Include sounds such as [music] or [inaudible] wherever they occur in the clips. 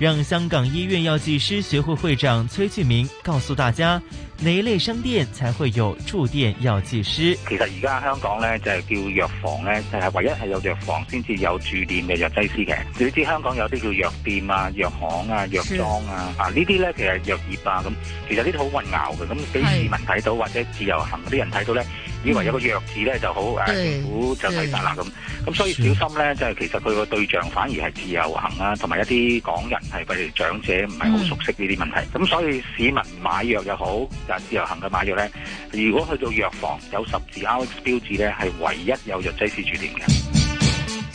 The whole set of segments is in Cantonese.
讓香港醫院藥劑師學會會長崔俊明告訴大家，哪一類商店才會有駐店藥劑師？其實而家香港咧就係、是、叫藥房咧，就係、是、唯一係有藥房先至有駐店嘅藥劑師嘅。你知香港有啲叫藥店啊、藥行啊、藥莊啊，是啊這些呢啲咧其實藥業啊咁，其實呢啲好混淆嘅，咁俾市民睇到是或者自由行嗰啲人睇到咧。以為有一個藥字咧就好，誒政府就睇曬啦咁，咁、嗯、所以小心咧，即係、是、其實佢個對象反而係自由行啊，同埋一啲港人係譬如長者唔係好熟悉呢啲問題，咁、嗯、所以市民買藥又好，就是、自由行嘅買藥咧，如果去到藥房有十字 RX 標誌咧，係唯一有藥劑師駐點嘅。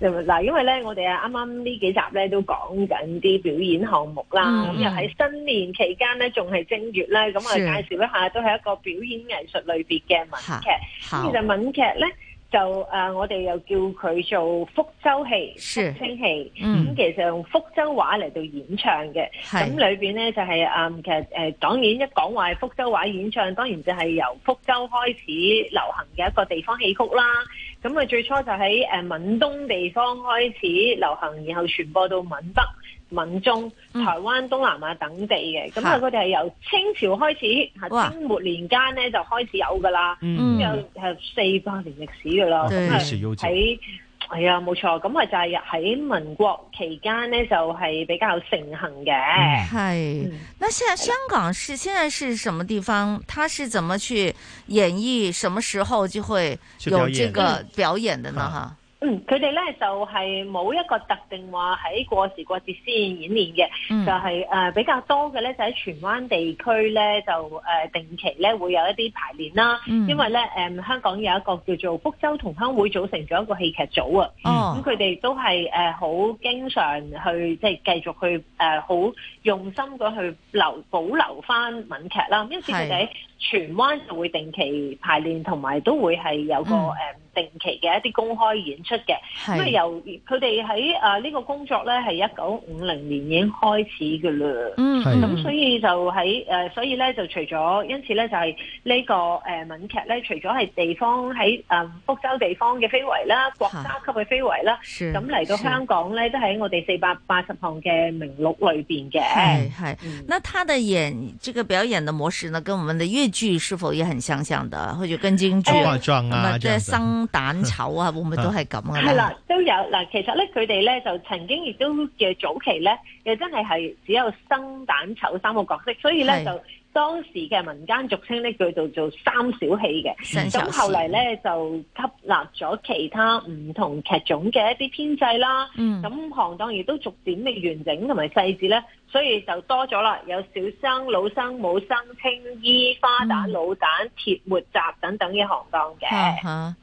嗱，因為咧，我哋啊，啱啱呢幾集咧都講緊啲表演項目啦，咁、嗯、又喺新年期間咧，仲係正月咧，咁我哋介紹一下，都係一個表演藝術類別嘅閩劇。其實閩劇咧。就誒、啊，我哋又叫佢做福州戲、是福清戲，咁、嗯、其實用福州話嚟到演唱嘅。咁裏邊呢就係、是嗯、其實誒，當、呃、然一講話係福州話演唱，當然就係由福州開始流行嘅一個地方戲曲啦。咁佢最初就喺誒閩東地方開始流行，然後傳播到閩北。閩中台灣、嗯、東南亞等地嘅，咁啊，佢哋係由清朝開始，係、啊、清末年間咧就開始有噶啦，咁有誒四百年歷史噶啦，喺係啊，冇錯，咁係就係、是、喺民國期間咧就係比較盛行嘅。係是，嗯、那現在香港是現在是什麼地方？它是怎麼去演繹？什麼時候就會有這個表演的呢？哈？嗯，佢哋咧就係、是、冇一個特定話喺過時過節先演練嘅，嗯、就係、是、誒、呃、比較多嘅咧就喺、是、荃灣地區咧就誒、呃、定期咧會有一啲排練啦。嗯、因為咧誒、嗯、香港有一個叫做福州同鄉會組成咗一個戲劇組啊，咁佢哋都係誒好經常去即係、就是、繼續去誒好、呃、用心咁去留保留翻閩劇啦。因為事實荃灣就會定期排練，同埋都會係有個、嗯呃、定期嘅一啲公開演出嘅。咁是由佢哋喺啊呢個工作咧係一九五零年已經開始嘅喇。嗯，咁、嗯、所以就喺誒、呃，所以咧就除咗，因此咧就係、是這個呃、呢個誒敏劇咧，除咗係地方喺啊福州地方嘅非遺啦，國家級嘅非遺啦，咁嚟到香港咧是都喺我哋四百八十項嘅名錄裏面嘅。係係、嗯，那他的演，這個表演的模式呢，跟我們的劇是否也很相像的？或者跟京劇啊？啊，即係生旦丑啊，我們都係咁啊。係啦，都有嗱。其實咧，佢哋咧就曾經亦都嘅早期咧，又真係係只有生旦丑三個角色，所以咧就。當時嘅民間俗稱呢，叫做做三小戲嘅。咁後嚟呢，就吸納咗其他唔同劇種嘅一啲編制啦。咁、嗯、行當亦都逐漸嘅完整同埋細緻呢，所以就多咗啦。有小生、老生、武生、青衣、花旦、老旦、鐵末集等等嘅行當嘅。嗯 [noise]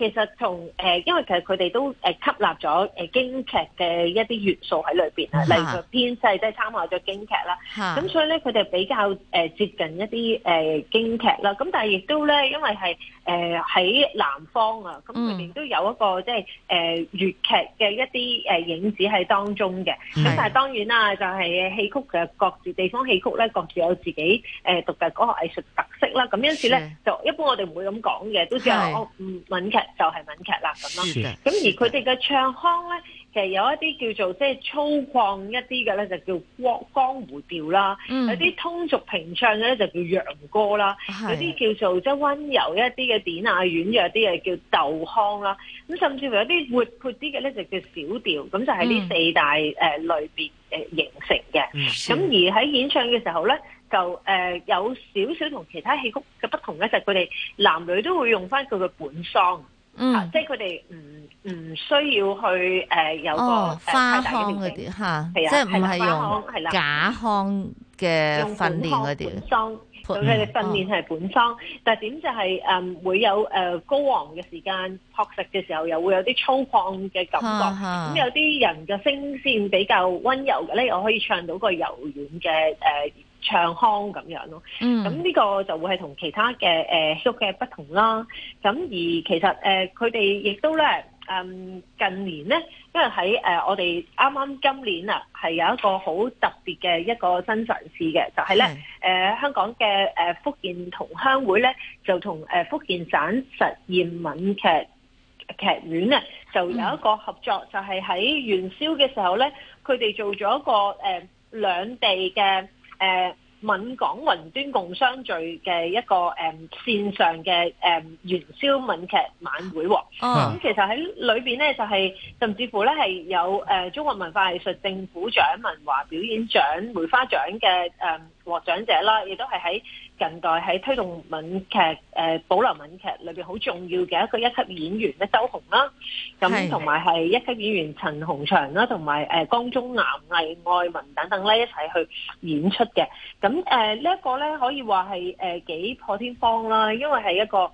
其實同，誒、呃，因為其實佢哋都誒吸納咗誒京劇嘅一啲元素喺裏邊啊，例如編劇即係參考咗京劇啦，咁、啊、所以咧佢哋比較誒接近一啲誒、呃、京劇啦。咁但係亦都咧，因為係誒喺南方啊，咁佢哋都有一個、嗯、即係誒粵劇嘅一啲誒影子喺當中嘅。咁的但係當然啦，就係戲曲嘅各自地方戲曲咧，各自有自己誒獨特嗰個藝術特色啦。咁因此咧，的就一般我哋唔會咁講嘅，都只有閩劇。的就係閩劇啦，咁咁而佢哋嘅唱腔咧，其實有一啲叫做即係粗獷一啲嘅咧，就叫光江湖調啦；嗯、有啲通俗平唱嘅咧，就叫洋歌啦；的有啲叫做即係温柔一啲嘅典雅婉約」啲嘅叫豆腔啦。咁甚至乎有啲活潑啲嘅咧，就叫小調。咁就係呢四大誒類別誒形成嘅。咁的而喺演唱嘅時候咧，就誒、呃、有少少同其他戲曲嘅不同咧，就係佢哋男女都會用翻佢嘅本嗓。嗯，啊、即係佢哋唔唔需要去誒、呃，有個、哦、花腔嗰啲吓，即係唔係用假腔嘅訓練啲。用本腔本聲，佢哋訓練係本聲、嗯哦、但係點就係、是、誒、嗯、會有誒、呃、高昂嘅時間，撲食嘅時候又會有啲粗獷嘅感覺。咁、啊啊嗯、有啲人嘅聲線比較温柔嘅咧，我可以唱到一個柔軟嘅誒。呃唱腔咁樣咯，咁呢個就會係同其他嘅誒嘅不同啦。咁而其實佢哋亦都咧、嗯，近年呢，因為喺、呃、我哋啱啱今年啊，係有一個好特別嘅一個新嘗試嘅，就係、是、咧是的、呃、香港嘅、呃、福建同鄉會咧，就同福建省實驗閩劇，劇院咧，就有一個合作，就係、是、喺元宵嘅時候咧，佢哋做咗一個、呃、兩地嘅。誒、呃，閩港雲端共相聚嘅一個誒、嗯、線上嘅誒、嗯、元宵閩劇晚會、哦，咁、啊嗯、其實喺裏邊咧就係、是，甚至乎咧係有誒、呃、中國文化藝術政府獎、文華表演獎、梅花獎嘅誒獲獎者啦，亦都係喺。近代喺推動閩劇，誒、呃、保留閩劇裏邊好重要嘅一個一級演員咧，周紅啦，咁同埋係一級演員陳紅祥啦，同埋誒江中南、魏愛文等等咧一齊去演出嘅，咁誒、呃這個、呢一個咧可以話係誒幾破天荒啦，因為係一個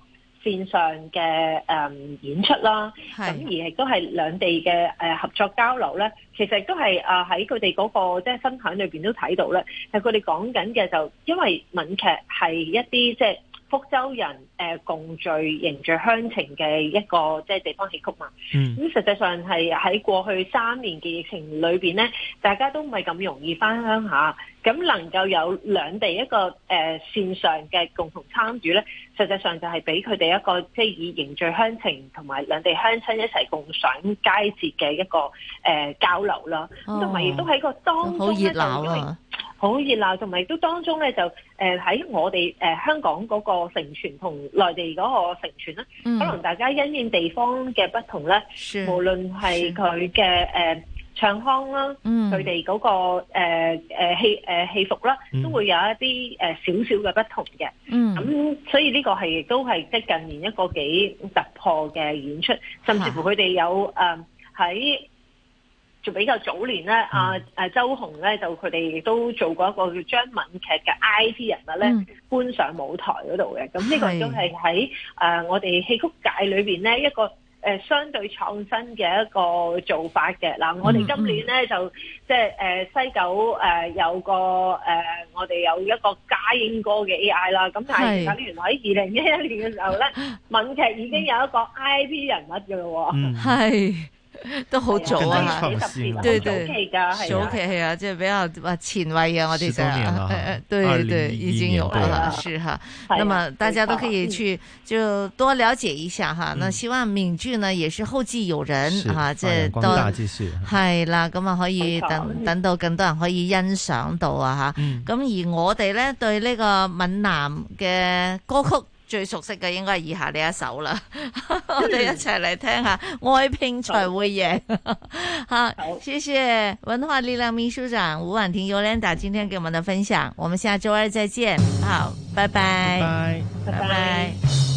線上嘅誒演出啦，咁的而亦都係兩地嘅合作交流咧，其實都係誒喺佢哋嗰個即係分享裏邊都睇到咧，係佢哋講緊嘅就因為閩劇係一啲即係福州人誒共聚凝聚鄉情嘅一個即係地方戲曲嘛，嗯，咁實際上係喺過去三年嘅疫情裏邊咧，大家都唔係咁容易翻鄉下，咁能夠有兩地一個誒線上嘅共同參與咧。實際上就係俾佢哋一個即係、就是、以凝聚鄉情同埋兩地鄉親一齊共賞佳節嘅一個誒、呃、交流啦，咁同埋亦都喺個當中好熱鬧，好熱鬧，同埋亦都當中咧就誒喺、呃、我哋誒、呃、香港嗰個承傳同內地嗰個承傳、嗯、可能大家因應地方嘅不同咧，是無論係佢嘅誒。是呃唱腔啦、啊，佢哋嗰個誒誒、呃、戲誒、呃、戲服啦、啊，都會有一啲誒少少嘅不同嘅。咁、嗯、所以呢個係亦都係即係近年一個幾突破嘅演出，甚至乎佢哋有誒喺就比較早年咧，嗯、啊誒周紅咧就佢哋亦都做過一個叫張敏劇嘅 I T 人物咧搬上舞台嗰度嘅。咁呢個亦都係喺誒我哋戲曲界裏邊咧一個。誒相對創新嘅一個做法嘅嗱、嗯嗯就是，我哋今年咧就即係誒西九誒有個誒，我哋有一個家英哥嘅 AI 啦。咁但係而家原來喺二零一一年嘅時候咧，閩是劇已經有一個 IP 人物嘅咯喎。嗯是都好早啊，啲特別早期噶，係啊，即係比較話前衛啊，我哋就係，誒誒，對對，已經有啦，是哈。咁啊大家都可以去就多了解一下哈。那希望閩劇呢也是後繼有人哈，即係多，係啦，咁啊可以等等到更多人可以欣賞到啊哈。咁而我哋咧對呢個閩南嘅歌曲。最熟悉嘅應該係以下呢一首啦， [laughs] 我哋一齊嚟聽下，愛拼才會贏。好， [laughs] 好好謝謝文化力量秘書長伍婉婷、Yolanda 今天給我們的分享，我們下週二再見。好，拜拜，拜拜，拜拜。拜拜。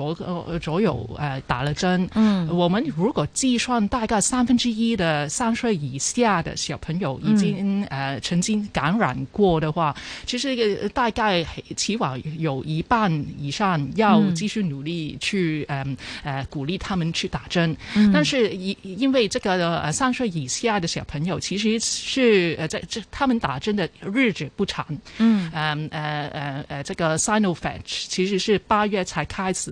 左左右呃打了針，嗯，我們如果計算大概三分之一的三歲以下的小朋友已經、嗯、呃曾經感染過的話，其實、呃、大概起碼有一半以上要繼續努力去誒、嗯、呃，呃鼓勵他們去打針，嗯、但是因因為這個呃三歲以下的小朋友其實是呃在這，這他們打針的日子不長，嗯呃呃呃誒這個、Sinovac 其實是八月才開始。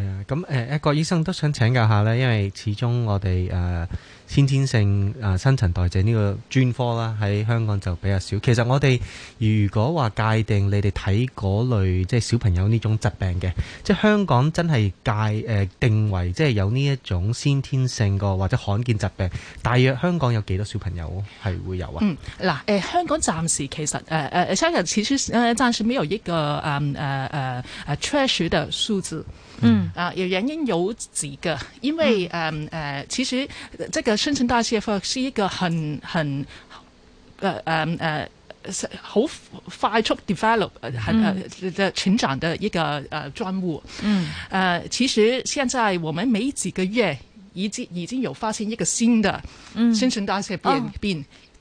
啊，咁誒郭醫生都想請教下咧，因為始終我哋、呃、先天性啊、呃、新陳代謝呢個專科啦，喺香港就比較少。其實我哋如果話界定你哋睇嗰類即係、就是、小朋友呢種疾病嘅，即係香港真係界、呃、定為即係有呢一種先天性個或者罕見疾病，大約香港有幾多小朋友係會有啊？嗱、嗯呃、香港暫時其實香港其實暫時未有一個誒誒誒確實的數字。嗯，啊，有原因有幾個，因為誒、嗯、呃其實這個新陳代謝化是一個很很，呃呃誒，好、呃、快速 develop，ed, 很呃的成長的一個呃專務。嗯，呃其實現在我們每幾個月已經已經有發現一個新的新陳代謝變變。嗯啊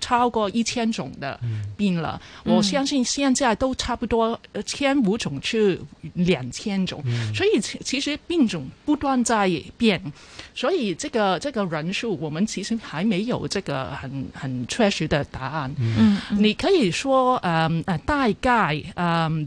超過一千種的病了，嗯、我相信現在都差不多千五種至兩千種，嗯、所以其，其實病種不斷在變，所以這個這個人數，我們其實還沒有這個很很確實的答案。嗯、你可以說嗯、呃，大概嗯。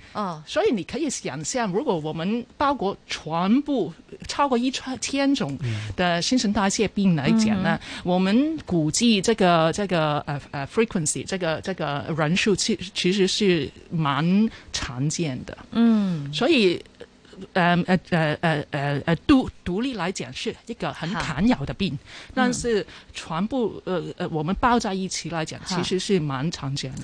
啊，oh，所以你可以想象，如果我們包括全部超過一千種的新陳代謝病來講呢，嗯、我們估計這個這個呃呃、啊啊、frequency，這個這個人數其其實是蠻常見的。嗯，所以呃呃呃呃呃獨獨立來講是一個很罕有的病，嗯、但是全部呃呃我們包在一起來講，其實是蠻常見的。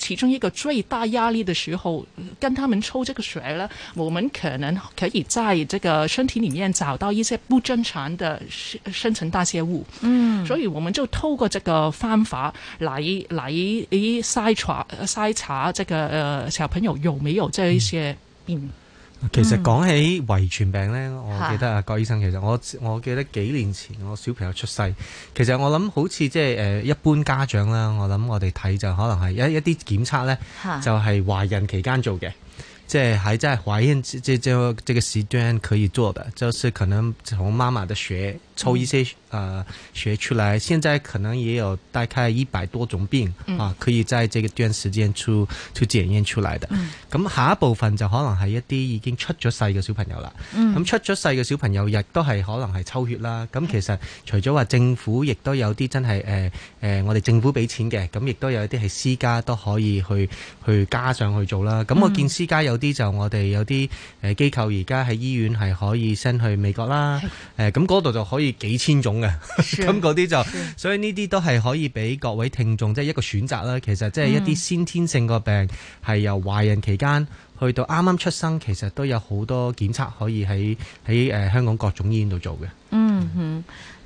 其中一個最大壓力的時候，跟他們抽這個血呢，我們可能可以在這個身體裏面找到一些不正常的生成代謝物。嗯，所以我們就透過這個方法嚟嚟嚟篩查篩查這個呃小朋友有沒有這一些病。嗯。其實講起遺傳病咧，嗯、我記得啊，郭醫生其實我我記得幾年前我小朋友出世，其實我諗好似即係誒一般家長啦，我諗我哋睇就可能係一一啲檢測咧，就係懷孕期間做嘅，即係喺即係懷孕即即即個時間可以做嘅，就是可能從媽媽嘅血。抽一些啊、呃，血出來，現在可能也有大概一百多種病，嗯、啊，可以在這個段時間出出檢驗出來的。咁、嗯、下一部分就可能係一啲已經出咗世嘅小朋友啦。咁、嗯、出咗世嘅小朋友亦都係可能係抽血啦。咁、嗯、其實除咗話政府亦都有啲真係誒誒，我哋政府俾錢嘅，咁亦都有一啲係私家都可以去去加上去做啦。咁我見私家有啲就我哋有啲誒機構而家喺醫院係可以 send 去美國啦，誒咁嗰度就可以。幾千種嘅，咁嗰啲就，是所以呢啲都係可以俾各位聽眾即係一個選擇啦。其實即係一啲先天性個病，係、嗯、由懷孕期間去到啱啱出生，其實都有好多檢測可以喺喺誒香港各種醫院度做嘅。嗯哼。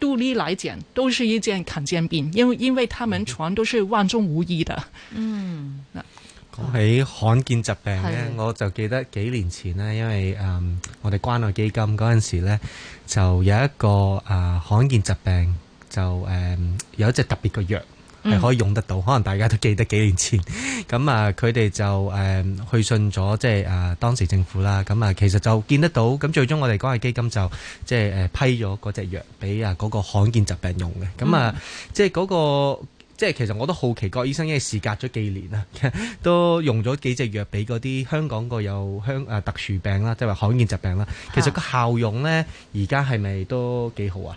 獨立嚟講，都是一件罕見病，因為因為他們全都是萬中無一的。嗯，講起罕見疾病呢，啊、我就記得幾年前呢，的因為誒、嗯，我哋關愛基金嗰陣時呢就有一個誒、呃、罕見疾病，就誒、呃、有一隻特別嘅藥。係可以用得到，可能大家都記得幾年前，咁啊佢哋就誒去信咗即係啊當時政府啦，咁啊其實就見得到，咁最終我哋講嘅基金就即係誒批咗嗰隻藥俾啊嗰個罕見疾病用嘅，咁啊即係嗰個即係其實我都好奇郭醫生，因為事隔咗幾年啦，都用咗幾隻藥俾嗰啲香港個有香啊特殊病啦，即係話罕見疾病啦，其實個效用咧而家係咪都幾好啊？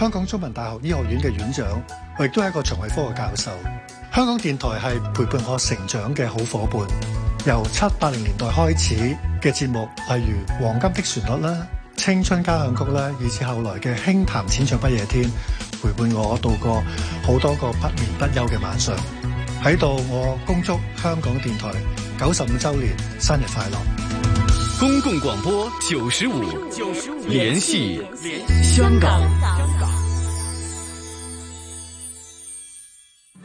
香港中文大學醫學院嘅院長，我亦都係一個腸胃科嘅教授。香港電台係陪伴我成長嘅好夥伴。由七八零年代開始嘅節目，例如《黃金的旋律》啦，《青春交響曲》啦，以至後來嘅《輕談淺唱不夜天》，陪伴我度過好多個不眠不休嘅晚上。喺度，我恭祝香港電台九十五周年生日快樂！公共廣播九十五，聯繫香港。香港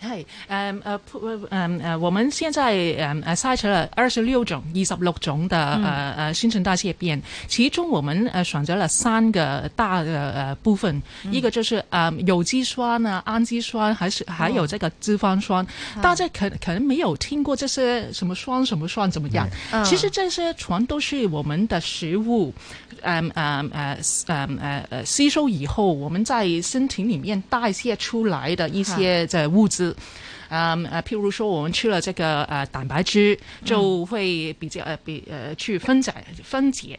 哎，嗯呃，呃我們現在嗯呃篩查了二十六種、二十六種的呃呃新陳代謝變，其中我們呃選擇了三個大的呃部分，一個就是呃有機酸啊、氨基酸，還是還有這個脂肪酸。大家可可能沒有聽過這些什麼酸、什麼酸，怎麼樣？其實這些全都是我們的食物，嗯呃誒誒呃吸收以後，我們在身體裏面代謝出來的一些嘅物質。嗯，譬如說，我們吃了這個呃蛋白質，就會比較呃比呃去分解分解。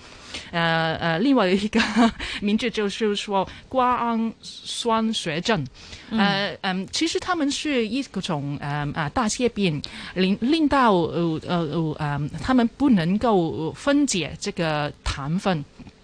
呃，呃，另外一個名字就是說瓜氨酸血症。呃，嗯呃，其實他們是一種呃，呃，代謝病，令令到呃，呃，呃，他們不能夠分解這個糖分。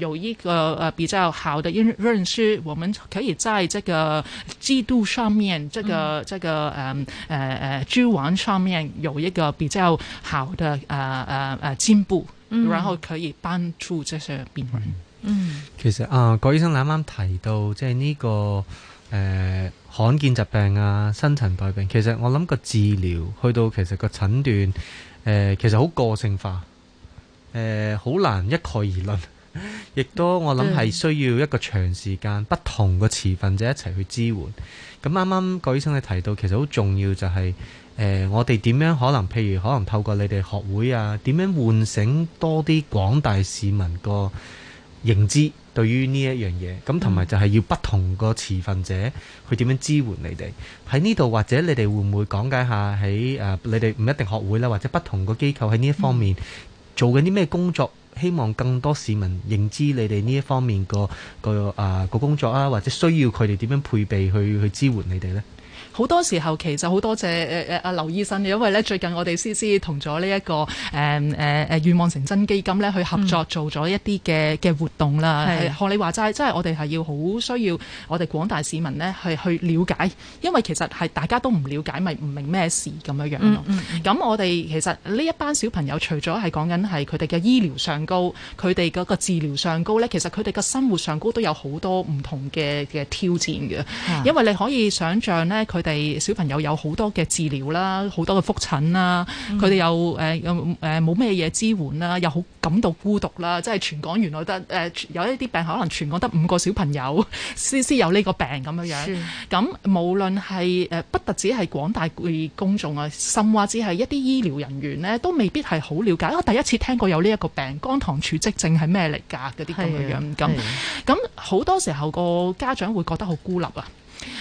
有一個比較好的認識，我們可以在這個制度上面、這個、嗯、這個嗯誒誒蛛上面有一個比較好的誒誒誒進步，然後可以幫助這些病人。嗯，嗯其實啊、呃，郭醫生你啱啱提到即係呢、這個誒、呃、罕見疾病啊、新陳代謝病，其實我諗個治療去到其實個診斷誒、呃，其實好個性化，誒、呃、好難一概而論。嗯亦都我諗係需要一個長時間不同嘅持份者一齊去支援。咁啱啱郭醫生你提到，其實好重要就係、是、誒、呃，我哋點樣可能，譬如可能透過你哋學會啊，點樣喚醒多啲廣大市民個認知，對於呢一樣嘢。咁同埋就係要不同個持份者去點樣支援你哋。喺呢度或者你哋會唔會講解下喺誒、呃，你哋唔一定學會啦、啊，或者不同個機構喺呢一方面做緊啲咩工作？嗯希望更多市民認知你哋呢一方面個個啊個工作啊，或者需要佢哋點樣配備去去支援你哋咧。好多時候其實好多謝誒誒阿劉醫生嘅，因為咧最近我哋思思同咗呢一個誒誒誒願望成真基金咧去合作做咗一啲嘅嘅活動啦。係、嗯，學是你話齋，即係我哋係要好需要我哋廣大市民咧係去，去了解，因為其實係大家都唔了解，咪唔明咩事咁樣樣咯。咁、嗯嗯、我哋其實呢一班小朋友，除咗係講緊係佢哋嘅醫療上高，佢哋嗰個治療上高咧，其實佢哋嘅生活上高都有好多唔同嘅嘅挑戰嘅，啊、因為你可以想像咧，佢哋。係小朋友有好多嘅治療啦，好多嘅覆診啦，佢哋、嗯、又誒又誒冇咩嘢支援啦，又好感到孤獨啦。即係全港原來得誒有，呃、有一啲病，可能全港得五個小朋友先先有呢個病咁樣樣。咁是無論係誒不特止係廣大嘅公眾啊，甚至係一啲醫療人員咧，都未必係好了解。我第一次聽過有呢一個病——肝糖儲積症是什麼的，係咩嚟㗎？嗰啲咁嘅樣咁咁，好多時候個家長會覺得好孤立啊。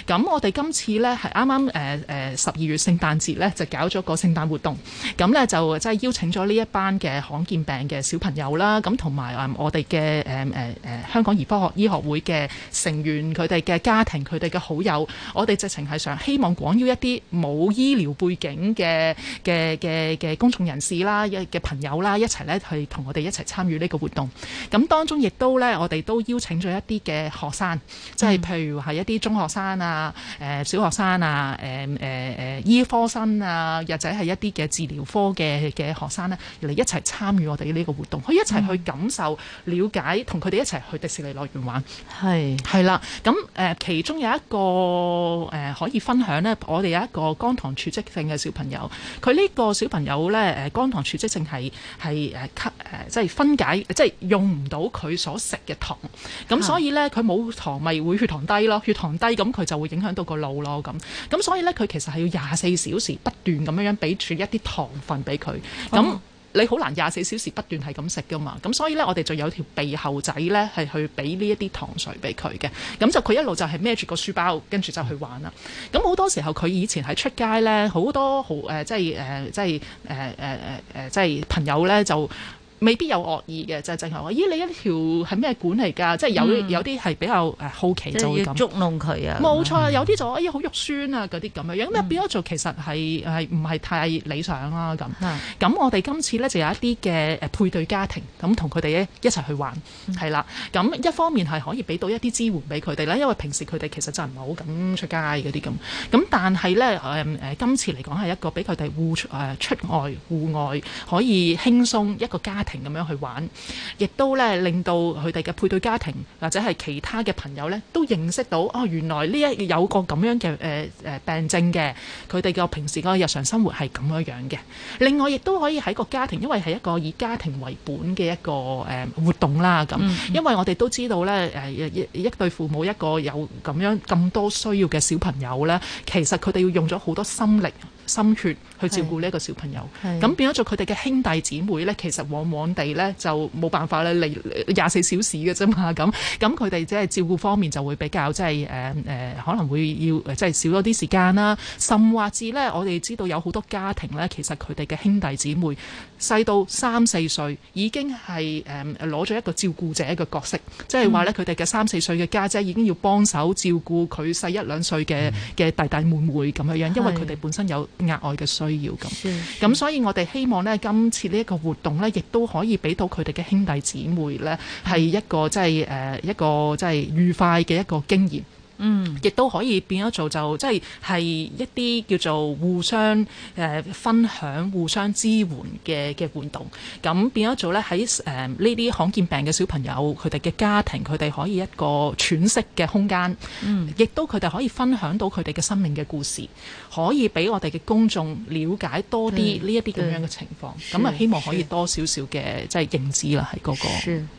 咁我哋今次呢，係啱啱誒誒十二月聖誕節呢，就搞咗個聖誕活動，咁呢，就即係邀請咗呢一班嘅罕見病嘅小朋友啦，咁同埋誒我哋嘅誒誒誒香港兒科學醫學會嘅成員，佢哋嘅家庭，佢哋嘅好友，我哋直情係想希望廣邀一啲冇醫療背景嘅嘅嘅嘅公眾人士啦，嘅朋友啦一齊呢去同我哋一齊參與呢個活動。咁當中亦都呢，我哋都邀請咗一啲嘅學生，即係譬如係一啲中學生。嗯啊，誒小學生啊，誒誒誒醫科生啊，或者係一啲嘅治療科嘅嘅學生咧，嚟一齊參與我哋呢個活動，可以一齊去感受、嗯、了解，同佢哋一齊去迪士尼樂園玩。係係啦，咁誒、呃、其中有一個誒、呃、可以分享咧，我哋有一個肝糖儲積症嘅小朋友，佢呢個小朋友咧誒肝糖儲積症係係誒吸誒即係分解，即係用唔到佢所食嘅糖，咁所以咧佢冇糖咪會血糖低咯，血糖低咁。佢就會影響到個腦咯，咁咁所以咧，佢其實係要廿四小時不斷咁樣樣俾住一啲糖分俾佢。咁、嗯、你好難廿四小時不斷係咁食㗎嘛。咁所以咧，我哋就有一條鼻喉仔咧，係去俾呢一啲糖水俾佢嘅。咁就佢一路就係孭住個書包，跟住就去玩啦。咁好、嗯、多時候佢以前喺出街咧，好多好誒、呃，即係誒、呃，即係誒誒誒誒，即係朋友咧就。未必有惡意嘅，就係、是、正係話，咦你一條係咩管嚟㗎？嗯、即係有有啲係比較誒好奇就會捉弄佢啊！冇錯，嗯、有啲就咦好肉酸啊，嗰啲咁樣樣咁變咗做其實係係唔係太理想啦咁。咁、嗯、我哋今次咧就有一啲嘅誒配對家庭咁同佢哋一一齊去玩，係、嗯、啦。咁一方面係可以俾到一啲支援俾佢哋咧，因為平時佢哋其實就唔係好敢出街嗰啲咁。咁但係咧誒今次嚟講係一個俾佢哋戶誒出外戶外可以輕鬆一個家庭，停咁樣去玩，亦都咧令到佢哋嘅配對家庭或者係其他嘅朋友咧，都認識到哦，原來呢一有個咁樣嘅誒誒病症嘅，佢哋嘅平時個日常生活係咁樣樣嘅。另外，亦都可以喺個家庭，因為係一個以家庭為本嘅一個誒活動啦。咁，因為我哋都知道咧誒一對父母一個有咁樣咁多需要嘅小朋友咧，其實佢哋要用咗好多心力心血。去照顧呢個小朋友，咁變咗做佢哋嘅兄弟姊妹咧，其實往往地咧就冇辦法咧，嚟廿四小時嘅啫嘛，咁咁佢哋即係照顧方面就會比較即係、就是呃、可能會要即係、就是、少咗啲時間啦，甚或至咧，我哋知道有好多家庭咧，其實佢哋嘅兄弟姊妹細到三四歲已經係誒攞咗一個照顧者嘅角色，即係話咧佢哋嘅三四歲嘅家姐已經要幫手照顧佢細一兩歲嘅嘅弟弟妹妹咁樣樣，因為佢哋本身有額外嘅需。需要咁，咁所以我哋希望呢，今次呢一個活動呢，亦都可以俾到佢哋嘅兄弟姊妹呢，係一個即係誒，一個即係愉快嘅一個經驗。嗯，亦都可以變咗做就即係、就是、一啲叫做互相誒、呃、分享、互相支援嘅嘅活動。咁變咗做呢喺誒呢啲罕見病嘅小朋友，佢哋嘅家庭，佢哋可以一個喘息嘅空間。嗯，亦都佢哋可以分享到佢哋嘅生命嘅故事，可以俾我哋嘅公眾了解多啲呢一啲咁樣嘅情況。咁啊，希望可以多少少嘅即係認知啦，係嗰、嗰個。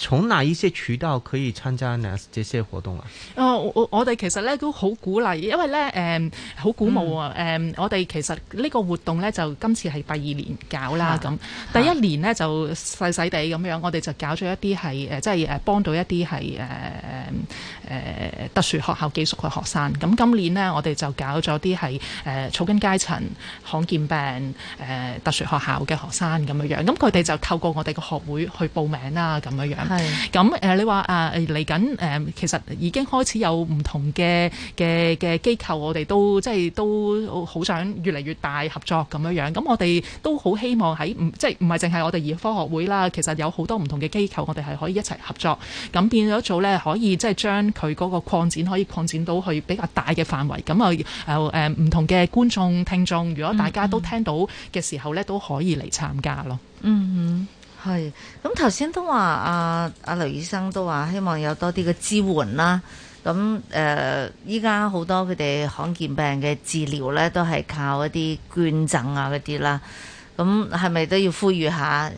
從哪一些渠道，可以參加呢這些活動啊？哦，我我哋其實咧都好鼓勵，因為咧誒好鼓舞啊！誒、嗯嗯，我哋其實呢個活動咧就今次係第二年搞啦，咁、啊，第一年咧就細細哋咁樣，我哋就搞咗一啲係誒即係誒幫到一啲係誒誒特殊學校寄宿嘅學生。咁、嗯、今年呢，我哋就搞咗啲係誒草根階層、罕見病誒、呃、特殊學校嘅學生咁樣樣。咁佢哋就透過我哋個學會去報名啦咁樣樣。係，咁誒是、呃，你話誒嚟緊誒，其實已經開始有唔同嘅嘅嘅機構，我哋都即係都好想越嚟越大合作咁樣樣。咁我哋都好希望喺唔即係唔係淨係我哋兒科學會啦，其實有好多唔同嘅機構，我哋係可以一齊合作，咁變咗做咧可以即係將佢嗰個擴展，可以擴展到去比較大嘅範圍。咁啊誒誒唔同嘅觀眾聽眾，如果大家都聽到嘅時候咧，嗯嗯都可以嚟參加咯。嗯哼、嗯。係，咁頭先都話阿阿劉醫生都話希望有多啲嘅支援啦。咁誒，依家好多佢哋罕見病嘅治療咧，都係靠一啲捐贈啊嗰啲啦。咁係咪都要呼籲下？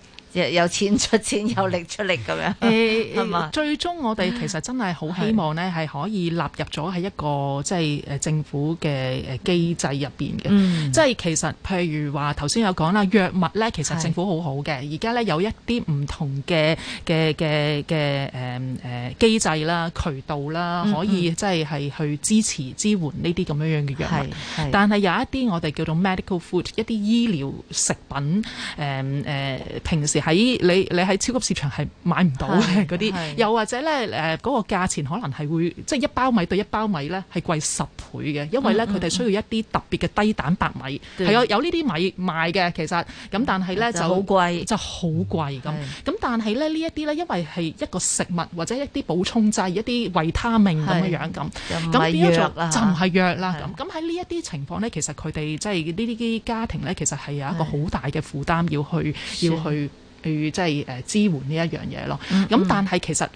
有錢出錢，有力出力咁樣，係嘛？最終我哋其實真係好希望呢係可以納入咗喺一個即係誒政府嘅誒機制入邊嘅。嗯，即係其實譬如話頭先有講啦，藥物咧其實政府好好嘅。而家咧有一啲唔同嘅嘅嘅嘅誒誒機制啦、渠道啦，可以即係係去支持支援呢啲咁樣樣嘅藥物。係係，但係有一啲我哋叫做 medical food，一啲醫療食品誒誒、嗯呃、平時。喺你你喺超級市場係買唔到嘅嗰啲，又或者咧誒嗰個價錢可能係會即係、就是、一包米對一包米咧係貴十倍嘅，因為咧佢哋需要一啲特別嘅低蛋白米，係啊對有呢啲米賣嘅，其實咁但係咧就好貴，就係好貴咁。咁是但係咧呢一啲咧，因為係一個食物或者一啲補充劑、一啲維他命咁嘅樣咁，咁邊一種就唔係藥啦咁。咁喺呢一啲情況咧，其實佢哋即係呢啲家庭咧，其實係有一個好大嘅負擔，要去要去。的去即係誒支援呢一樣嘢咯，咁、嗯嗯、但係其實，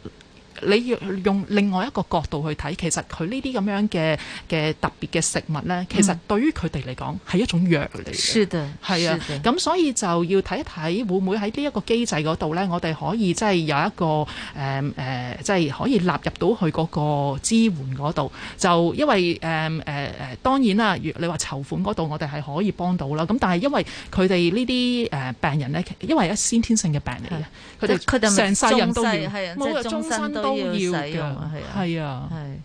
你要用另外一個角度去睇，其實佢呢啲咁樣嘅嘅特別嘅食物咧，嗯、其實對於佢哋嚟講，係一種藥嚟嘅，係啊，咁所以就要睇一睇會唔會喺呢一個機制嗰度咧，我哋可以即係、就是、有一個誒誒即係可以納入到去嗰個支援嗰度。就因為誒誒誒當然啦，如你話籌款嗰度，我哋係可以幫到啦。咁但係因為佢哋呢啲誒病人咧，因為有先天性嘅病嚟嘅，佢哋佢哋成世人都要，即係終身都都要使用，係啊，係啊，係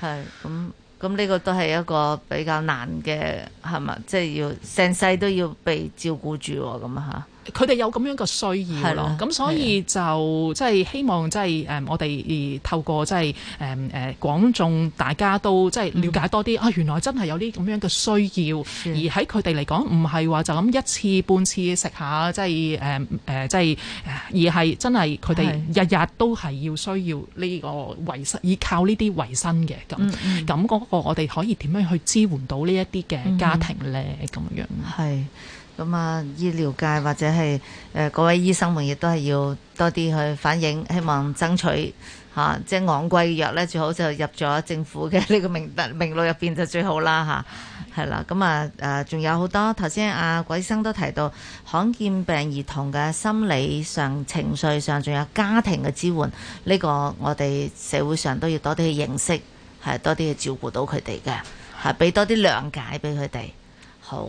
係咁咁呢個都係一個比較難嘅，係嘛，即係要成世都要被照顧住，咁啊吓。佢哋有咁樣嘅需要咯，咁所以就即係希望即係誒，我哋透過即係誒誒廣眾大家都即係了解多啲啊，原來真係有啲咁樣嘅需要，的而喺佢哋嚟講，唔係話就咁一次半次食下，即係誒誒即係而係真係佢哋日日都係要需要呢個維生，依靠呢啲維生嘅，咁，咁嗰的個我哋可以點樣去支援到呢一啲嘅家庭咧？咁樣咁啊，醫療界或者係誒、呃、各位醫生們亦都係要多啲去反映，希望爭取嚇、啊，即係昂貴嘅藥咧，最好就入咗政府嘅呢個名名錄入邊就最好啦吓，係、啊、啦。咁啊誒，仲有好多頭、啊、先阿鬼醫生都提到，罕見病兒童嘅心理上、情緒上，仲有家庭嘅支援，呢、這個我哋社會上都要多啲去認識，係多啲去照顧到佢哋嘅，係、啊、俾多啲諒解俾佢哋，好。